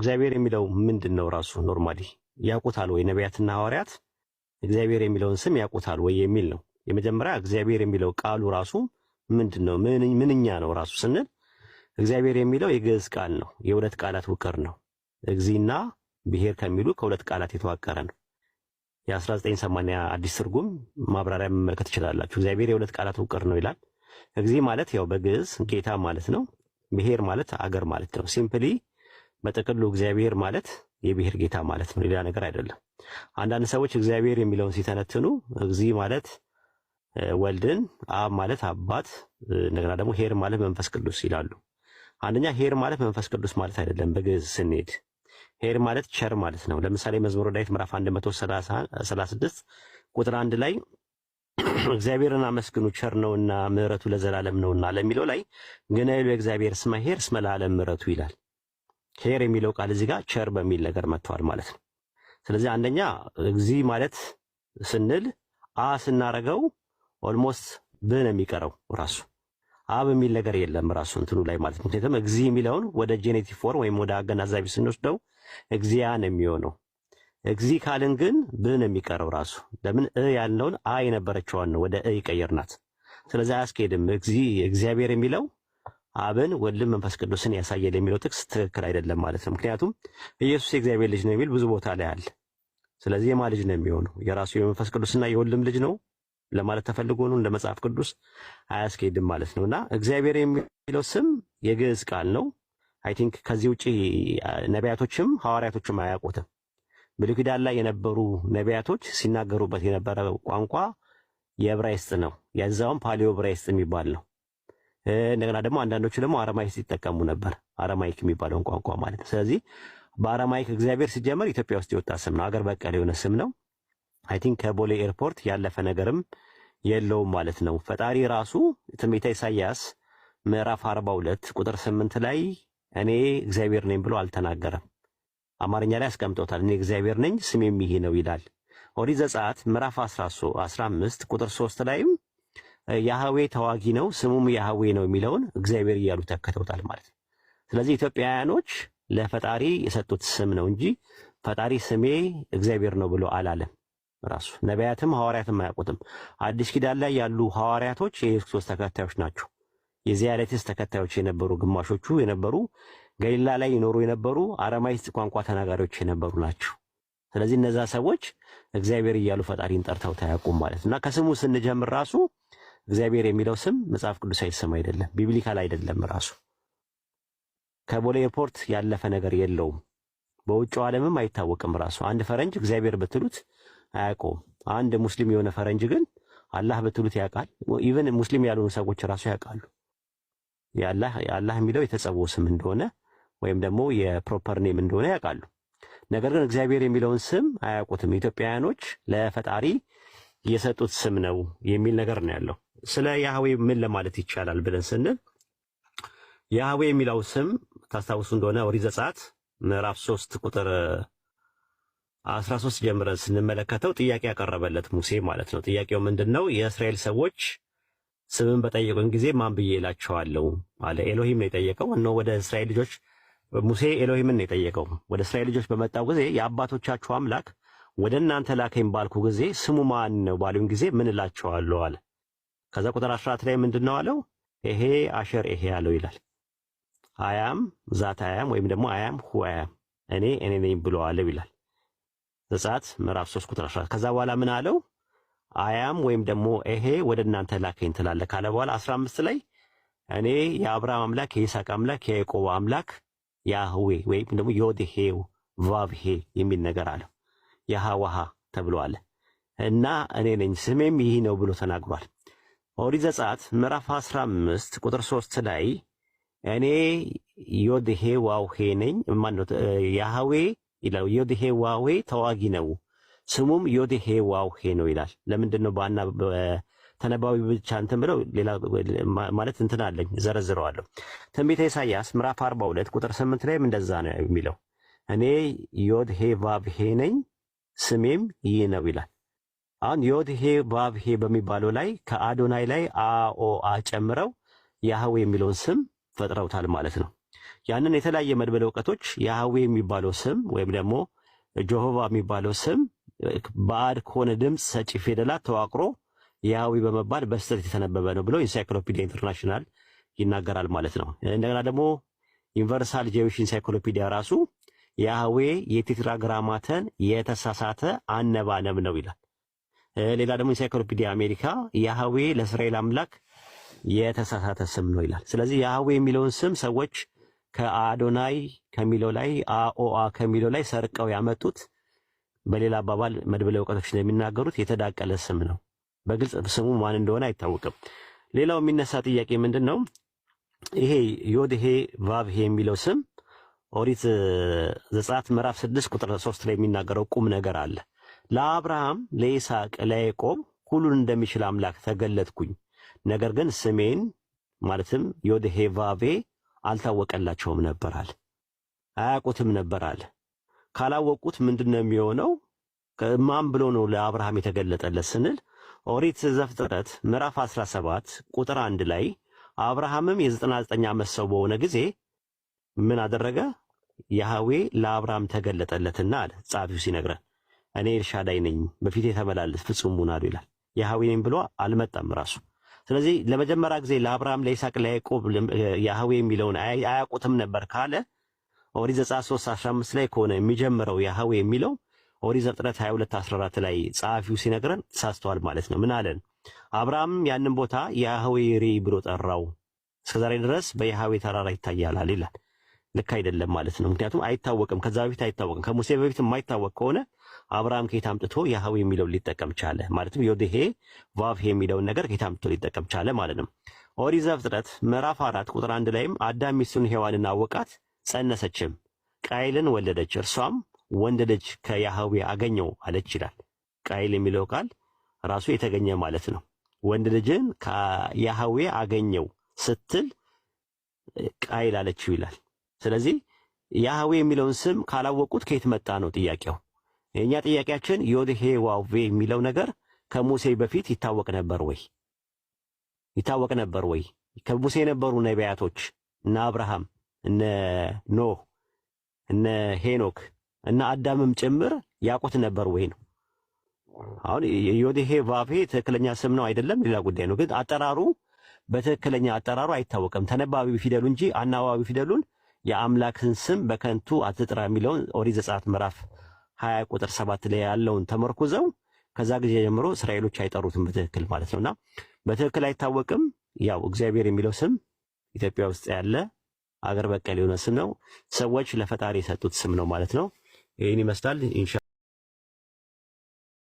እግዚአብሔር የሚለው ምንድን ነው? ራሱ ኖርማሊ ያውቁታል ወይ? ነቢያትና ሐዋርያት እግዚአብሔር የሚለውን ስም ያውቁታል ወይ የሚል ነው። የመጀመሪያ እግዚአብሔር የሚለው ቃሉ ራሱ ምንድን ነው? ምንኛ ነው ራሱ ስንል እግዚአብሔር የሚለው የግዕዝ ቃል ነው። የሁለት ቃላት ውቅር ነው። እግዚእና ብሔር ከሚሉ ከሁለት ቃላት የተዋቀረ ነው። የ1980 አዲስ ትርጉም ማብራሪያ መመልከት ትችላላችሁ። እግዚአብሔር የሁለት ቃላት ውቅር ነው ይላል። እግዚእ ማለት ያው በግዕዝ ጌታ ማለት ነው። ብሔር ማለት አገር ማለት ነው። ሲምፕሊ በጥቅሉ እግዚአብሔር ማለት የብሔር ጌታ ማለት ነው፣ ሌላ ነገር አይደለም። አንዳንድ ሰዎች እግዚአብሔር የሚለውን ሲተነትኑ እግዚ ማለት ወልድን፣ አብ ማለት አባት፣ እንደገና ደግሞ ሄር ማለት መንፈስ ቅዱስ ይላሉ። አንደኛ ሄር ማለት መንፈስ ቅዱስ ማለት አይደለም። በግዕዝ ስንሄድ ሄር ማለት ቸር ማለት ነው። ለምሳሌ መዝሙረ ዳዊት ምዕራፍ 136 ቁጥር አንድ ላይ እግዚአብሔርን አመስግኑ ቸር ነውና ምሕረቱ ለዘላለም ነውና ለሚለው ላይ ግን አይሉ እግዚአብሔር ስመ ሄር ስመ ለዓለም ምሕረቱ ይላል። ኬር የሚለው ቃል እዚህ ጋር ቸር በሚል ነገር መጥተዋል ማለት ነው። ስለዚህ አንደኛ እግዚ ማለት ስንል አ ስናረገው ኦልሞስት ብ ነው የሚቀረው ራሱ አ በሚል ነገር የለም ራሱ እንትኑ ላይ ማለት ነው። ምክንያቱም እግዚ የሚለውን ወደ ጄኔቲቭ ፎርም ወይም ወደ አገናዛቢ ስንወስደው እግዚያ ነው የሚሆነው። እግዚ ካልን ግን ብ ነው የሚቀረው ራሱ። ለምን እ ያልነውን አ የነበረችዋን ነው ወደ እ ይቀየርናት። ስለዚህ አያስኬድም። እግዚ እግዚአብሔር የሚለው አብን ወልድን መንፈስ ቅዱስን ያሳያል የሚለው ጥቅስ ትክክል አይደለም ማለት ነው። ምክንያቱም ኢየሱስ የእግዚአብሔር ልጅ ነው የሚል ብዙ ቦታ ላይ አለ። ስለዚህ የማ ልጅ ነው የሚሆነው? የራሱ የመንፈስ ቅዱስና የወልድም ልጅ ነው ለማለት ተፈልጎ ነው። እንደ መጽሐፍ ቅዱስ አያስኬድም ማለት ነው እና እግዚአብሔር የሚለው ስም የግዕዝ ቃል ነው። አይ ቲንክ ከዚህ ውጭ ነቢያቶችም ሐዋርያቶችም አያውቁትም። ብሉይ ኪዳን ላይ የነበሩ ነቢያቶች ሲናገሩበት የነበረ ቋንቋ የዕብራይስጥ ነው። የዛውም ፓሊዮ ዕብራይስጥ የሚባል ነው። እንደገና ደግሞ አንዳንዶቹ ደግሞ አረማይክ ሲጠቀሙ ነበር፣ አረማይክ የሚባለውን ቋንቋ ማለት ነው። ስለዚህ በአረማይክ እግዚአብሔር ሲጀመር ኢትዮጵያ ውስጥ የወጣ ስም ነው፣ አገር በቀል የሆነ ስም ነው። አይ ቲንክ ከቦሌ ኤርፖርት ያለፈ ነገርም የለውም ማለት ነው። ፈጣሪ ራሱ ትንቢተ ኢሳይያስ ምዕራፍ 42 ቁጥር 8 ላይ እኔ እግዚአብሔር ነኝ ብሎ አልተናገረም። አማርኛ ላይ አስቀምጦታል። እኔ እግዚአብሔር ነኝ ስሜም ይሄ ነው ይላል። ኦሪት ዘጸአት ምዕራፍ 15 ቁጥር 3 ላይም ያህዌ ተዋጊ ነው ስሙም ያህዌ ነው የሚለውን እግዚአብሔር እያሉ ተከተውታል ማለት ነው። ስለዚህ ኢትዮጵያውያኖች ለፈጣሪ የሰጡት ስም ነው እንጂ ፈጣሪ ስሜ እግዚአብሔር ነው ብሎ አላለም። ራሱ ነቢያትም ሐዋርያትም አያውቁትም። አዲስ ኪዳን ላይ ያሉ ሐዋርያቶች የኢየሱስ ክርስቶስ ተከታዮች ናቸው። የዚያለትስ ተከታዮች የነበሩ ግማሾቹ የነበሩ ገሊላ ላይ ይኖሩ የነበሩ አረማይስጥ ቋንቋ ተናጋሪዎች የነበሩ ናቸው። ስለዚህ እነዛ ሰዎች እግዚአብሔር እያሉ ፈጣሪን ጠርተው ታያውቁም ማለት ነው እና ከስሙ ስንጀምር ራሱ እግዚአብሔር የሚለው ስም መጽሐፍ ቅዱሳዊ ስም አይደለም፣ ቢብሊካል አይደለም። ራሱ ከቦሌ ኤርፖርት ያለፈ ነገር የለውም። በውጭው ዓለምም አይታወቅም። ራሱ አንድ ፈረንጅ እግዚአብሔር ብትሉት አያውቀውም። አንድ ሙስሊም የሆነ ፈረንጅ ግን አላህ ብትሉት ያውቃል። ኢቨን ሙስሊም ያልሆኑ ሰዎች ራሱ ያውቃሉ። አላህ የሚለው የተጸውዖ ስም እንደሆነ ወይም ደግሞ የፕሮፐር ኔም እንደሆነ ያውቃሉ። ነገር ግን እግዚአብሔር የሚለውን ስም አያውቁትም። ኢትዮጵያውያኖች ለፈጣሪ የሰጡት ስም ነው የሚል ነገር ነው ያለው። ስለ ያህዌ ምን ለማለት ይቻላል ብለን ስንል ያህዌ የሚለው ስም ታስታውሱ እንደሆነ ኦሪት ዘጸአት ምዕራፍ 3 ቁጥር 13 ጀምረን ስንመለከተው ጥያቄ ያቀረበለት ሙሴ ማለት ነው። ጥያቄው ምንድን ነው? የእስራኤል ሰዎች ስምን በጠየቁን ጊዜ ማን ብዬ እላቸዋለሁ አለ። ኤሎሂም ነው የጠየቀው። እነሆ ወደ እስራኤል ልጆች ሙሴ ኤሎሂምን ነው የጠየቀው። ወደ እስራኤል ልጆች በመጣው ጊዜ የአባቶቻችሁ አምላክ ወደ እናንተ ላከኝ ባልኩ ጊዜ ስሙ ማን ነው ባሉን ጊዜ ምን እላቸዋለሁ አለ። ከዛ ቁጥር 14 ላይ ምንድነው አለው? ይሄ አሸር ይሄ ያለው ይላል። አያም ዛት አያም ወይም ደግሞ አያም ሁ አያም እኔ እኔ ነኝ ብሎ አለው ይላል። ዘጸአት ምዕራፍ 3 ቁጥር 14። ከዛ በኋላ ምን አለው? አያም ወይም ደግሞ ይሄ ወደ እናንተ ላከኝ ትላለህ ካለ በኋላ 15 ላይ እኔ የአብርሃም አምላክ የይስሐቅ አምላክ የያዕቆብ አምላክ ያህዌ ወይም ደግሞ ዮድሄው ቫብሄ የሚል ነገር አለው። ያሃዋሃ ተብሎ አለ እና እኔ ነኝ ስሜም ይህ ነው ብሎ ተናግሯል። ኦሪት ዘጸአት ምዕራፍ 15 ቁጥር 3 ላይ እኔ ዮድሄ ዋውሄ ነኝ ማነው ያህዌ ይላል። ዮድሄ ዋዌ ተዋጊ ነው፣ ስሙም ዮድሄ ዋውሄ ነው ይላል። ለምንድን ነው በአና ተነባቢ ብቻ እንትን ብለው ሌላ ማለት እንትን አለኝ ዘረዝረዋለሁ። ትንቢተ ኢሳይያስ ምዕራፍ 42 ቁጥር 8 ላይም እንደዛ ነው የሚለው እኔ ዮድሄ ቫብሄ ነኝ ስሜም ይህ ነው ይላል። አሁን ዮድሄ ባብሄ በሚባለው ላይ ከአዶናይ ላይ አኦአ ጨምረው ያህዌ የሚለውን ስም ፈጥረውታል ማለት ነው። ያንን የተለያየ መድበለ እውቀቶች ያህዌ የሚባለው ስም ወይም ደግሞ ጆሆቫ የሚባለው ስም ባዕድ ከሆነ ድምፅ ሰጪ ፊደላት ተዋቅሮ ያህዌ በመባል በስተት የተነበበ ነው ብሎ ኢንሳይክሎፒዲያ ኢንተርናሽናል ይናገራል ማለት ነው። እንደገና ደግሞ ዩኒቨርሳል ጄዊሽ ኢንሳይክሎፒዲያ ራሱ ያህዌ የቴትራግራማተን የተሳሳተ አነባነብ ነው ይላል። ሌላ ደግሞ ኢንሳይክሎፒዲያ አሜሪካ ያህዌ ለእስራኤል አምላክ የተሳሳተ ስም ነው ይላል። ስለዚህ ያህዌ የሚለውን ስም ሰዎች ከአዶናይ ከሚለው ላይ አኦአ ከሚለው ላይ ሰርቀው ያመጡት፣ በሌላ አባባል መድብለ እውቀቶች እንደሚናገሩት የተዳቀለ ስም ነው። በግልጽ ስሙ ማን እንደሆነ አይታወቅም። ሌላው የሚነሳ ጥያቄ ምንድን ነው? ይሄ ዮድሄ ቫብሄ የሚለው ስም ኦሪት ዘጸአት ምዕራፍ ስድስት ቁጥር ሶስት ላይ የሚናገረው ቁም ነገር አለ ለአብርሃም ለይስሐቅ፣ ለያዕቆብ ሁሉን እንደሚችል አምላክ ተገለጥኩኝ። ነገር ግን ስሜን ማለትም ዮድሄቫቬ አልታወቀላቸውም ነበራል። አያውቁትም ነበራል። ካላወቁት ምንድን ነው የሚሆነው? ማን ብሎ ነው ለአብርሃም የተገለጠለት ስንል ኦሪት ዘፍጥረት ምዕራፍ 17 ቁጥር አንድ ላይ አብርሃምም የ99 ዓመት ሰው በሆነ ጊዜ ምን አደረገ? ያህዌ ለአብርሃም ተገለጠለትና አለ ጻፊው ሲነግረን እኔ ኤልሻዳይ ነኝ በፊት የተመላለስ ፍጹም ሙናዱ ይላል። ያህዌ ብሎ አልመጣም ራሱ። ስለዚህ ለመጀመሪያ ጊዜ ለአብርሃም፣ ለይስሐቅ፣ ለያዕቆብ ያህዌ የሚለውን አያውቁትም ነበር ካለ ኦሪት ዘጸአት 3 15 ላይ ከሆነ የሚጀምረው ያህዌ የሚለው ኦሪት ዘፍጥረት 22 14 ላይ ጸሐፊው ሲነግረን ተሳስተዋል ማለት ነው። ምን አለን? አብርሃም ያንን ቦታ ያህዌ ሪ ብሎ ጠራው። እስከዛሬ ድረስ በያህዌ ተራራ ይታያላል ይላል። ልክ አይደለም ማለት ነው። ምክንያቱም አይታወቅም፣ ከዛ በፊት አይታወቅም። ከሙሴ በፊት የማይታወቅ ከሆነ አብርሃም ከየት አምጥቶ ያህዌ የሚለውን ሊጠቀም ቻለ? ማለትም ዮዴሄ ቫቭሄ የሚለውን ነገር ከየት አምጥቶ ሊጠቀም ቻለ ማለት ነው። ኦሪት ዘፍጥረት ምዕራፍ አራት ቁጥር አንድ ላይም አዳም ሚስቱን ሔዋንን አወቃት፣ ጸነሰችም፣ ቃይልን ወለደች፣ እርሷም ወንድ ልጅ ከያህዌ አገኘው አለች ይላል። ቃይል የሚለው ቃል ራሱ የተገኘ ማለት ነው። ወንድ ልጅን ከያህዌ አገኘው ስትል ቃይል አለችው ይላል። ስለዚህ ያህዌ የሚለውን ስም ካላወቁት ከየት መጣ ነው ጥያቄው። የእኛ ጥያቄያችን ዮድሄ ዋዌ የሚለው ነገር ከሙሴ በፊት ይታወቅ ነበር ወይ? ይታወቅ ነበር ወይ? ከሙሴ የነበሩ ነቢያቶች እነ አብርሃም፣ እነ ኖህ፣ እነ ሄኖክ እና አዳምም ጭምር ያውቁት ነበር ወይ ነው። አሁን ዮድሄ ዋዌ ትክክለኛ ስም ነው አይደለም፣ ሌላ ጉዳይ ነው። ግን አጠራሩ በትክክለኛ አጠራሩ አይታወቅም። ተነባቢ ፊደሉ እንጂ አናባቢ ፊደሉን የአምላክን ስም በከንቱ አትጥራ የሚለውን ኦሪት ዘጸአት ምዕራፍ 20 ቁጥር 7 ላይ ያለውን ተመርኩዘው ከዛ ጊዜ ጀምሮ እስራኤሎች አይጠሩትም በትክክል ማለት ነውና በትክክል አይታወቅም። ያው እግዚአብሔር የሚለው ስም ኢትዮጵያ ውስጥ ያለ አገር በቀል የሆነ ስም ነው። ሰዎች ለፈጣሪ የሰጡት ስም ነው ማለት ነው። ይህን ይመስላል